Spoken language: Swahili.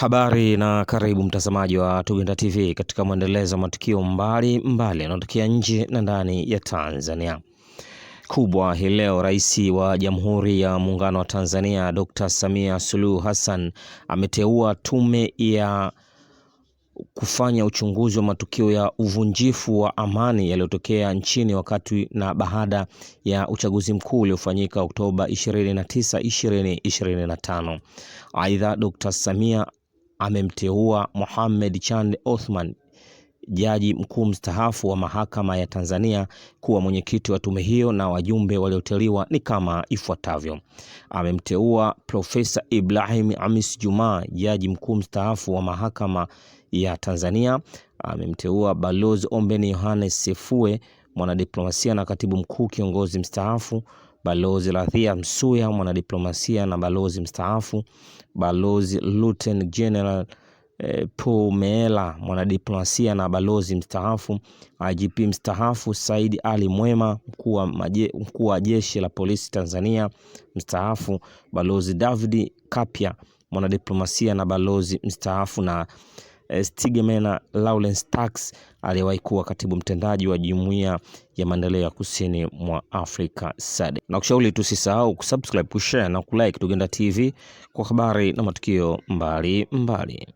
Habari na karibu mtazamaji wa Tugenda TV katika mwendelezo wa matukio mbalimbali yanayotokea nje na ndani ya Tanzania. Kubwa hii leo, Rais wa Jamhuri ya Muungano wa Tanzania Dr. Samia Suluhu Hassan ameteua tume ya kufanya uchunguzi wa matukio ya uvunjifu wa amani yaliyotokea nchini wakati na baada ya uchaguzi mkuu uliofanyika Oktoba 29, 2025. Aidha, Dr. Samia amemteua Mohamed Chande Othman, jaji mkuu mstaafu wa mahakama ya Tanzania kuwa mwenyekiti wa tume hiyo na wajumbe walioteuliwa ni kama ifuatavyo. Amemteua Profesa Ibrahim amis Juma, jaji mkuu mstaafu wa mahakama ya Tanzania. Amemteua Balozi Ombeni Yohanes Sefue mwanadiplomasia na katibu mkuu kiongozi mstaafu, Balozi Radhia Msuya, mwanadiplomasia na balozi mstaafu, Balozi Luten General eh, Po Meela, mwanadiplomasia na balozi mstaafu, IGP mstaafu saidi Ali Mwema, mkuu wa jeshi la polisi Tanzania mstaafu, Balozi David Kapya, mwanadiplomasia na balozi mstaafu na Eh, Stigemena Lawrence Tax aliyewahi kuwa katibu mtendaji wa Jumuiya ya Maendeleo ya Kusini mwa Afrika SADC. Na kushauri tusisahau kusubscribe, kushare na kulike Tugenda TV kwa habari na matukio mbalimbali mbali.